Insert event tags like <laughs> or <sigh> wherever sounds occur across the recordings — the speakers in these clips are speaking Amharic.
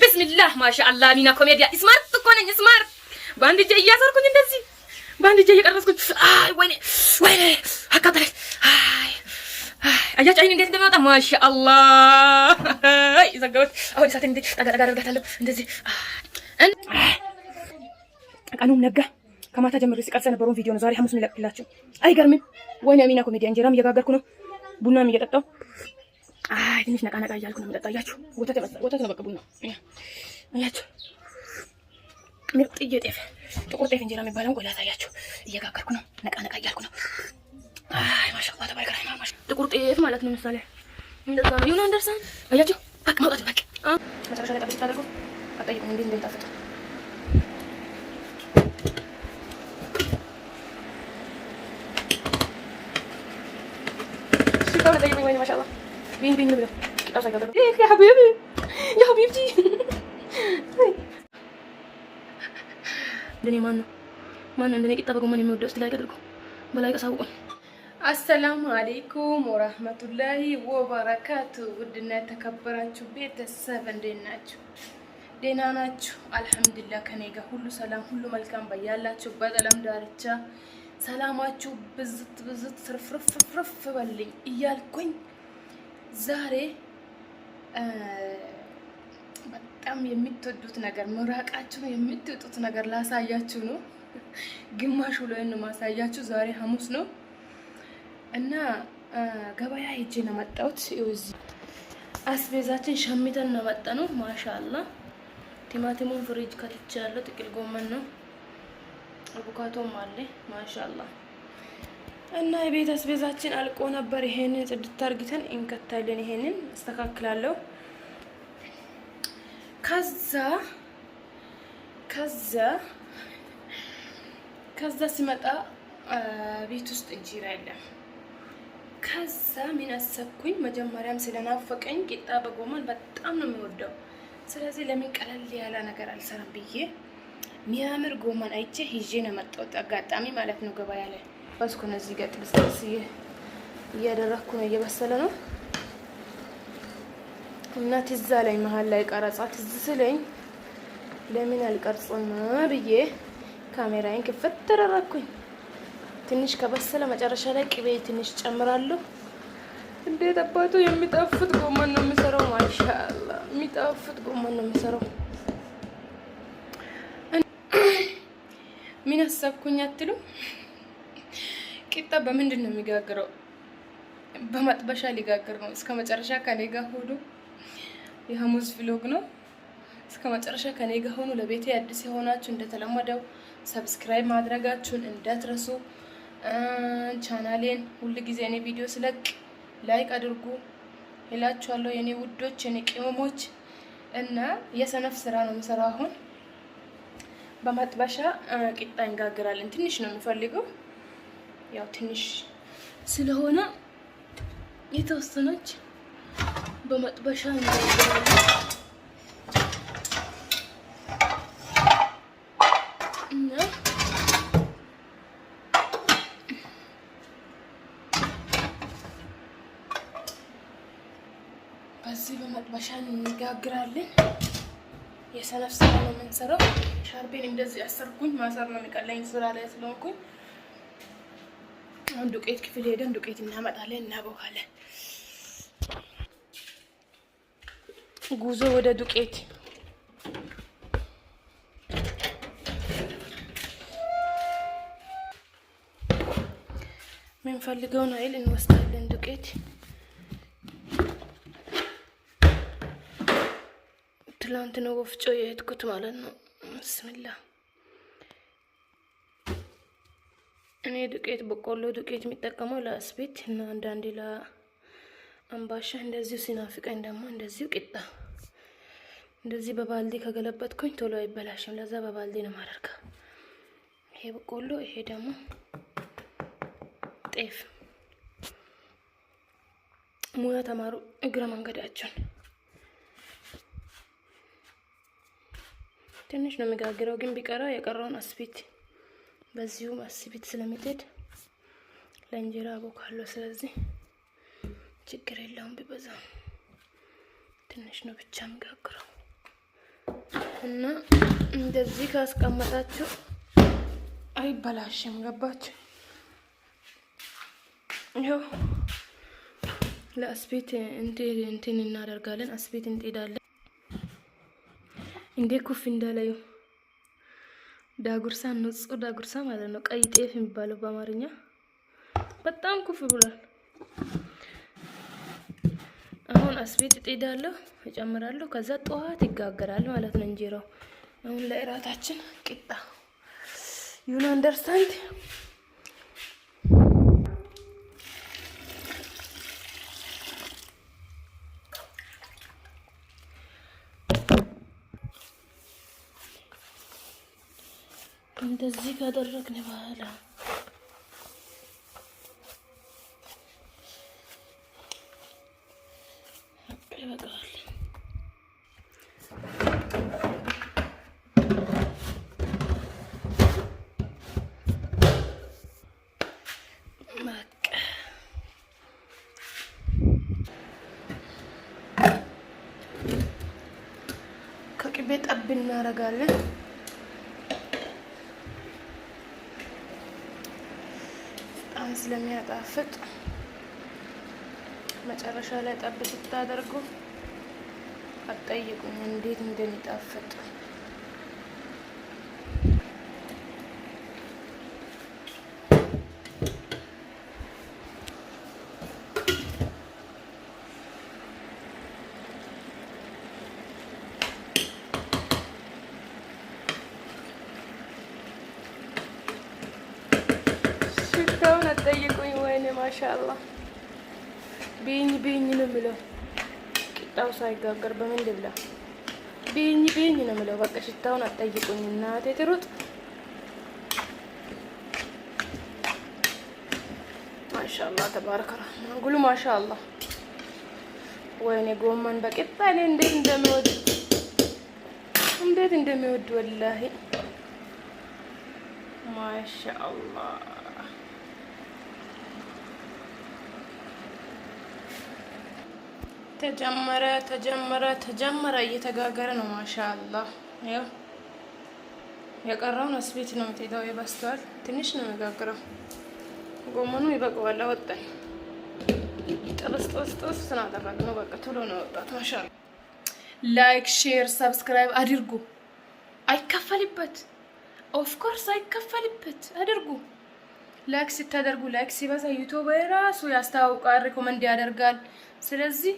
ብስሚላህ ማሻአላ ሚና ኮሜዲያ ስማርት እኮ ነኝ ስማርት። በአንድ እጄ እያሰርኩኝ እንደዚህ በአንድ እጄ እየቀረስኩኝ አይ ወይኔ ወይኔ አካበለች አይ አያችሁ አይን እንዴት እንደሚወጣ ማሻአላ። ዘጋሁት። አሁን ሰዓት እንዴ ጠጋ ጠጋ አደርጋታለሁ እንደዚህ። ቀኑም ነጋ። ከማታ ጀምሮ ሲቀርጽ የነበረውን ቪዲዮ ነው ዛሬ ሐሙስ የሚለቅላችሁ። አይገርምም? ወይኔ ሚና ኮሜዲያ እንጀራም እየጋገርኩ ነው፣ ቡናም እየጠጣሁ አይ ትንሽ ነቃ ነቃ እያልኩ ነው የምጠጣው። እያችሁ ወተት ወተት ነው በቃ ቡና እያችሁ ምርጥዬ ጤፍ ጥቁር ጤፍ እንጀራ የሚባለውን ቆላታ እያችሁ እየጋገርኩ ነው። ነቃ ነቃ እያልኩ ነው። አይ ማሻአላ ተባረከ ጥቁር ጤፍ ማለት ነው። ምሳሌ እንደዛ ነው። ዩና አንደርሳን እያችሁ በቃ ማውጣት በቃ መጨረሻ ላይ ጠብቅ ታደርጉ አጠይቁ እንዴት እንደሚጣፍጥ ሲሆነ ጠይቁኝ ወይ ማሻአላ بين بين بين ارجع قبل ايه يا حبيبي يا حبيبتي እንደኔ ማን ነው ማን እንደኔ ቂጣ በጎመን የሚወደው እስቲ ላይ አድርጉ በላይ አሳውቁኝ። አሰላሙ አሌይኩም ወራህመቱላሂ ወበረካቱ። ውድና የተከበራችሁ ቤተሰብ እንዴት ናችሁ? ደህና ናችሁ? አልሐምዱሊላህ ከኔ ጋር ሁሉ ሰላም፣ ሁሉ መልካም። በያላችሁበት ዓለም ዳርቻ ሰላማችሁ ብዝት ብዝት ትርፍርፍርፍ በልኝ እያልኩኝ ዛሬ በጣም የምትወዱት ነገር ምራቃችሁ የምትወጡት ነገር ላሳያችሁ ነው። ግማሽ ውሎዬን ነው ማሳያችሁ። ዛሬ ሐሙስ ነው እና ገበያ ሄጄ ነው መጣሁት። እዚህ አስቤዛችን ሸሚተን ነው መጣ ነው። ማሻአላ ቲማቲሙን ፍሪጅ ከትቻለሁ። ጥቅል ጎመን ነው አቮካዶም አለ ማሻአላ እና የቤት አስቤዛችን አልቆ ነበር። ይሄንን ጽድት አርግተን እንከታለን። ይሄንን አስተካክላለሁ። ከዛ ከዛ ከዛ ሲመጣ ቤት ውስጥ እንጀራ የለም። ከዛ ምን አሰብኩኝ? መጀመሪያም ስለናፈቀኝ ቂጣ በጎመን በጣም ነው የሚወደው። ስለዚህ ለምን ቀለል ያለ ነገር አልሰራም ብዬ ሚያምር ጎመን አይቼ ሂዤ ነው መጣሁት። አጋጣሚ ማለት ነው ገበያ ላይ በስኩን እዚህ ጋር ጥብስ ጥብስ እያደረግኩ ነው። እየበሰለ ነው እና ትዝ አለኝ መሀል ላይ ቀረጻ ትዝ ስለኝ ለምን አልቀርጽም ብዬ ካሜራዬን ክፍት ተደረግኩኝ። ትንሽ ከበሰለ መጨረሻ ላይ ቅቤ ትንሽ ጨምራለሁ። እንዴት አባቱ የሚጣፍጥ ጎመን ነው የምሰራው። ማሻአላ የሚጣፍጥ ጎመን ነው የምሰራው። <clears throat> ምን አሰብኩኝ አትሉ? ቂጣ በምንድን ነው የሚጋግረው? በማጥበሻ ሊጋግር ነው። እስከ መጨረሻ ከኔ ጋር ሆኖ የሐሙስ ቪሎግ ነው። እስከ መጨረሻ ከኔ ጋር ሆኖ። ለቤቴ አዲስ የሆናችሁ እንደተለመደው ሰብስክራይብ ማድረጋችሁን እንዳትረሱ። ቻናሌን ሁል ጊዜ እኔ ቪዲዮ ስለቅ ላይክ አድርጉ እላችኋለሁ። የኔ ውዶች፣ የኔ ቅመሞች እና የሰነፍ ስራ ነው የምሰራው አሁን። በማጥበሻ ቂጣ እንጋግራለን። ትንሽ ነው የሚፈልገው ያው ትንሽ ስለሆነ የተወሰነች በመጥበሻ እና በዚህ በመጥበሻ እንጋግራለን። የሰነፍ ስራ ነው የምንሰራው። ሻርቤን እንደዚህ አሰርኩኝ ማሰር ነው የሚቀለኝ ስራ ላይ ስለሆንኩኝ አሁን ዱቄት ክፍል ሄደን ዱቄት እናመጣለን፣ እናበኋለን። ጉዞ ወደ ዱቄት የምንፈልገውን አይል እንወስዳለን። ዱቄት ትላንት ነው ወፍጮ የሄድኩት ማለት ነው። ብስሚላ እኔ ዱቄት በቆሎ ዱቄት የሚጠቀመው ለአስቤት እና አንዳንዴ ለአምባሻ፣ እንደዚሁ ሲናፍቀኝ ደግሞ እንደዚሁ ቂጣ እንደዚህ በባልዲ ከገለበጥኩኝ ቶሎ አይበላሽም። ለዛ በባልዲ ነው ማደርገው። ይሄ በቆሎ፣ ይሄ ደግሞ ጤፍ። ሙያ ተማሩ እግረ መንገዳቸውን ትንሽ ነው የሚጋግረው፣ ግን ቢቀራ የቀረውን አስቤት በዚሁም አስቤት ስለምትሄድ ለእንጀራ አቦካለሁ። ስለዚህ ችግር የለውም ቢበዛ ትንሽ ነው ብቻ የሚጋግረው እና እንደዚህ ካስቀመጣችሁ አይበላሽም። ገባችሁ? ይኸው ለአስቤት እንትን እናደርጋለን። አስቤት እንጤዳለን እንዴ ኩፍ እንዳላዩ ዳጉርሳ ንጹህ ዳጉርሳ ማለት ነው። ቀይ ጤፍ የሚባለው በአማርኛ በጣም ኩፍ ብሏል። አሁን አስቤት ጥዳለሁ፣ እጨምራለሁ። ከዛ ጠዋት ይጋገራል ማለት ነው እንጀራው። አሁን ለእራታችን ቂጣ ዩን አንደርስታንድ እንደዚህ ካደረግን በኋላ ይበቃዋል። ከቅቤ ጠብ እናደርጋለን። ስለሚያጣፍጥ መጨረሻ ላይ ጠብ ስታደርጉ አትጠይቁኝ እንዴት እንደሚጣፍጥ። ማሻአላ ቢኝ ቢኝ ነው የምለው። ቂጣው ሳይጋገር በምን ልብላ? ቢኝ ቢኝ ነው የምለው። በቃ ሽታውን አጠይቁኝ እናቴ ትሩጥ። ማሻላ ተባረከ ረህማን ጉሉ ማሻላ። ወይኔ ጎመን በቂጣ እኔ እንዴት እንደሚወድ እንዴት እንደሚወድ ወላሂ ማሻአላ ተጀመረ ተጀመረ ተጀመረ እየተጋገረ ነው። ማሻአላ ያው የቀረውን አስቤት ነው የምትሄደው። ይበስተዋል ትንሽ ነው የሚጋግረው። ጎመኑ ይበቃዋል። አወጣኝ ጥብስ ጥብስ ጥብስ ነው በቃ ቶሎ ነው ወጣት። ማሻአላ ላይክ፣ ሼር፣ ሰብስክራይብ አድርጉ። አይከፈልበት፣ ኦፍኮርስ አይከፈልበት። አድርጉ ላይክ ስታደርጉ ላይክ ሲበዛ ዩቱብ ራሱ ያስታውቃል፣ ሪኮመንድ ያደርጋል። ስለዚህ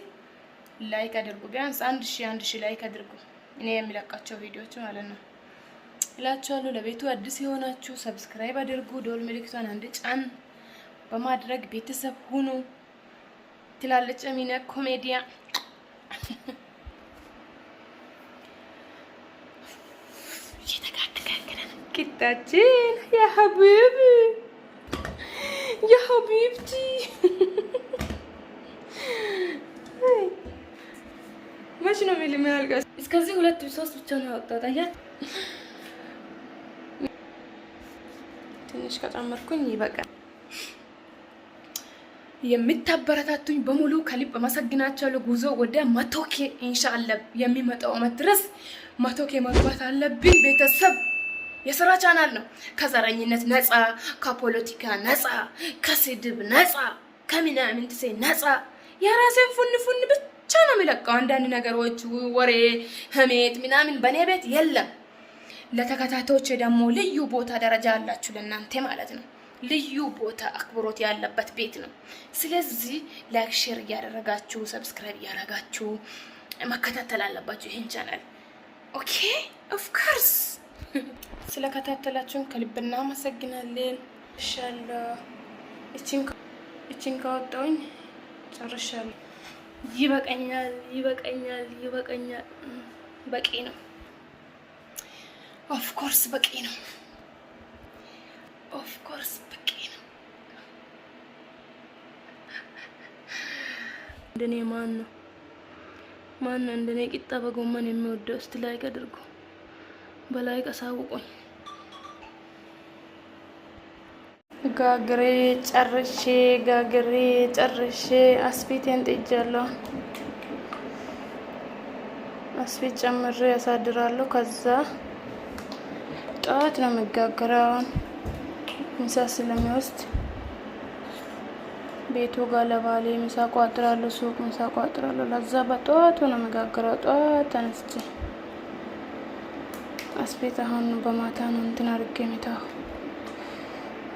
ላይክ አድርጉ። ቢያንስ አንድ ሺ አንድ ሺ ላይክ አድርጉ። እኔ የሚለቃቸው ቪዲዮዎች ማለት ነው እላችኋለሁ። ለቤቱ አዲስ የሆናችሁ ሰብስክራይብ አድርጉ። ዶል ምልክቷን አንድ ጫን በማድረግ ቤተሰብ ሁኑ። ትላለች ሚነ ኮሜዲያ ጌታችን የሀቢብ የሀቢብቲ መች ነው የሚል የሚያልቀስ እስከዚህ ሁለት ሶስት ብቻ ነው ያወጣት። አያት ትንሽ ከጨመርኩኝ ይበቃል። የምታበረታቱኝ በሙሉ ከልብ አመሰግናቸዋለሁ። ጉዞ ወደ መቶኬ ኢንሻአላህ የሚመጣው አመት ድረስ መቶኬ መግባት አለብኝ። ቤተሰብ የስራ ቻናል ነው። ከዘረኝነት ነፃ፣ ከፖለቲካ ነፃ፣ ከስድብ ነፃ፣ ከምናምን ትሴ ነፃ የራሴን ፉን ፉን ብቻ ብቻ ነው የሚለቀው። አንዳንድ ነገሮች፣ ወሬ፣ ህሜት ምናምን በእኔ ቤት የለም። ለተከታታዮች ደግሞ ልዩ ቦታ ደረጃ አላችሁ ለእናንተ ማለት ነው። ልዩ ቦታ አክብሮት ያለበት ቤት ነው። ስለዚህ ላይክ፣ ሼር እያደረጋችሁ ሰብስክራይብ እያደረጋችሁ መከታተል አለባችሁ ይሄን ቻናል። ኦኬ ኦፍኮርስ <laughs> ስለከታተላችሁን ከልብ እናመሰግናለን። ሻለ እቺን ካወጣውኝ ጨርሻለሁ። ይበቀኛል፣ ይበቀኛል፣ ይበቀኛል። በቂ ነው። ኦፍኮርስ በቂ ነው። ኦፍኮርስ በቂ ነው። እንደኔ ማን ነው ማን ነው እንደኔ ቂጣ በጎመን የሚወደው? እስቲ ላይክ አድርጎ በላይክ አሳውቆኝ ጋግሬ ጨርሼ ጋግሬ ጨርሼ አስቤቴን ጥጃለሁ። አስፊት ጨምሬ ያሳድራለሁ። ከዛ ጠዋት ነው የሚጋግረውን ምሳ ስለሚወስድ ቤቱ ጋር ለባሌ ምሳ ቋጥራለሁ፣ ሱቅ ምሳ ቋጥራለሁ። ለዛ በጠዋቱ ነው የሚጋግረው። ጠዋት ተነስቼ አስፊት አሁን በማታ ነው እንትን አድርጌ የሚታው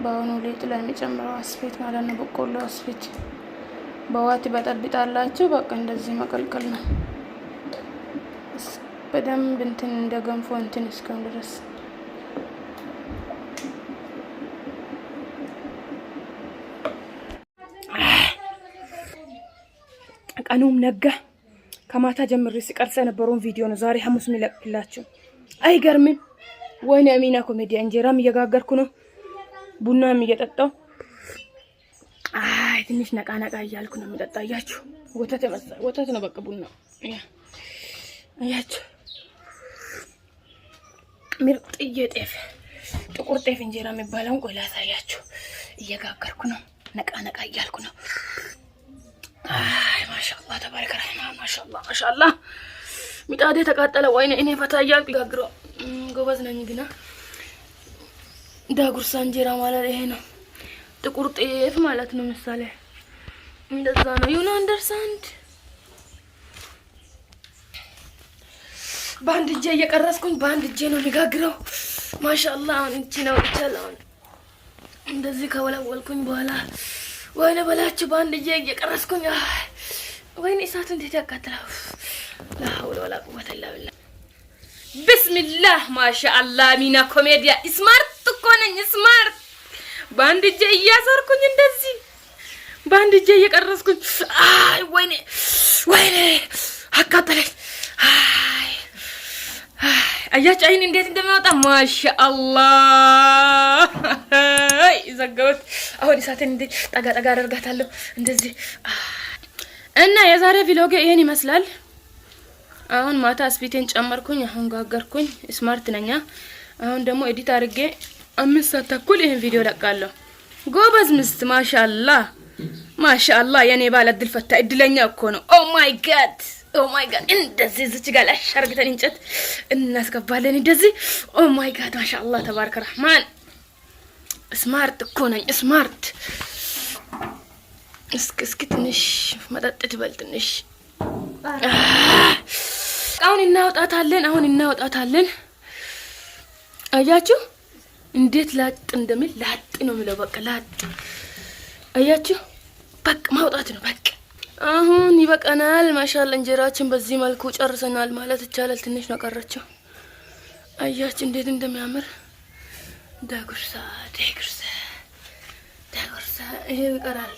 በአሁኑ ሊጡ ላይ የሚጨምረው አስፌት ማለት ነው። በቆሎ አስፌት በዋት በጠብጣላችሁ። በቃ እንደዚህ መቀልቀል ነው። በደንብ እንትን እንደ ገንፎ እንትን እስከም ድረስ ቀኑም ነጋ። ከማታ ጀምሬ ሲቀርጽ የነበረውን ቪዲዮ ነው ዛሬ ሐሙስ የሚለቅላችሁ። አይገርምም? ወይኔ አሚና ኮሜዲያ እንጀራም እየጋገርኩ ነው። ቡናም እየጠጣው አይ ትንሽ ነቃ ነቃ እያልኩ ነው የምጠጣ። እያችሁ ወተት መሰለ ወተት ነው በቃ ቡና። እያችሁ ምርጥዬ ጤፍ ጥቁር ጤፍ እንጀራ የሚባለውን ቆይ ላሳያችሁ። እየጋገርኩ ነው፣ ነቃ ነቃ እያልኩ ነው። አይ ማሻአላ ተባረከ ረህማን ማሻአላ ማሻአላ። ምጣዴ ተቃጠለ። ወይኔ እኔ ፈታ እያልኩ ጋግረው ጎበዝ ነኝ ግና ዳጉርሳ እንጀራ ማለት ይሄ ነው። ጥቁር ጤፍ ማለት ነው። ምሳሌ እንደዛ ነው። ዩን አንደርስታንድ። በአንድ እጄ እየቀረስኩኝ በአንድ እጄ ነው የሚጋግረው። ማሻአላ አሁን እቺ ነው ይቻል። አሁን እንደዚህ ከወለወልኩኝ በኋላ ወይኔ በላችሁ በአንድ እጄ እየቀረስኩኝ፣ ወይኔ እሳቱ እንዴት ያቃጥላል! ላ ወላ ቁወተ ቢስሚላህ ማሻአላ ሚና ኮሜዲያ ስማርት እኮ ነኝ። ስማርት በአንድ እጄ እያሰርኩኝ እንደዚህ በአንድ እጄ እየቀረስኩኝ። አይ ወይኔ ወይኔ አቃጠለኝ። አያችሁ አይን እንዴት እንደሚወጣ ማሻአላ። ዘገበት። አሁን እሳቴን እንዴ ጠጋ ጠጋ አደርጋታለሁ እንደዚህ እና የዛሬ ቪሎግ ይሄን ይመስላል። አሁን ማታ አስቢቴን ጨመርኩኝ። አሁን ጋገርኩኝ። ስማርት ነኛ። አሁን ደግሞ ኤዲት አድርጌ አምስት ሰዓት ተኩል ይህን ቪዲዮ ለቃለሁ። ጎበዝ ምስት ማሻላ ማሻላ። የኔ ባለ እድል ፈታ እድለኛ እኮ ነው። ኦ ማይ ጋድ ኦ ማይ ጋድ። እንደዚህ እዚች ጋር ላይ አሻርግተን እንጨት እናስገባለን። እንደዚህ ኦ ማይ ጋድ ማሻላ። ተባረከ ረህማን። ስማርት እኮ ነኝ። ስማርት እስክ እስክ ትንሽ መጠጥ ትበል ትንሽ አሁን እናወጣታለን፣ አሁን እናወጣታለን። አያችሁ እንዴት ላጥ እንደሚል ላጥ ነው የሚለው። በቃ ላጥ አያችሁ፣ በቃ ማውጣት ነው በቃ። አሁን ይበቃናል። ማሻላ እንጀራችን በዚህ መልኩ ጨርሰናል ማለት ይቻላል። ትንሽ ነው ቀረችው። አያችሁ እንዴት እንደሚያምር ዳጉርሳ ዳጉርሳ ዳጉርሳ። ይሄ ይቀራል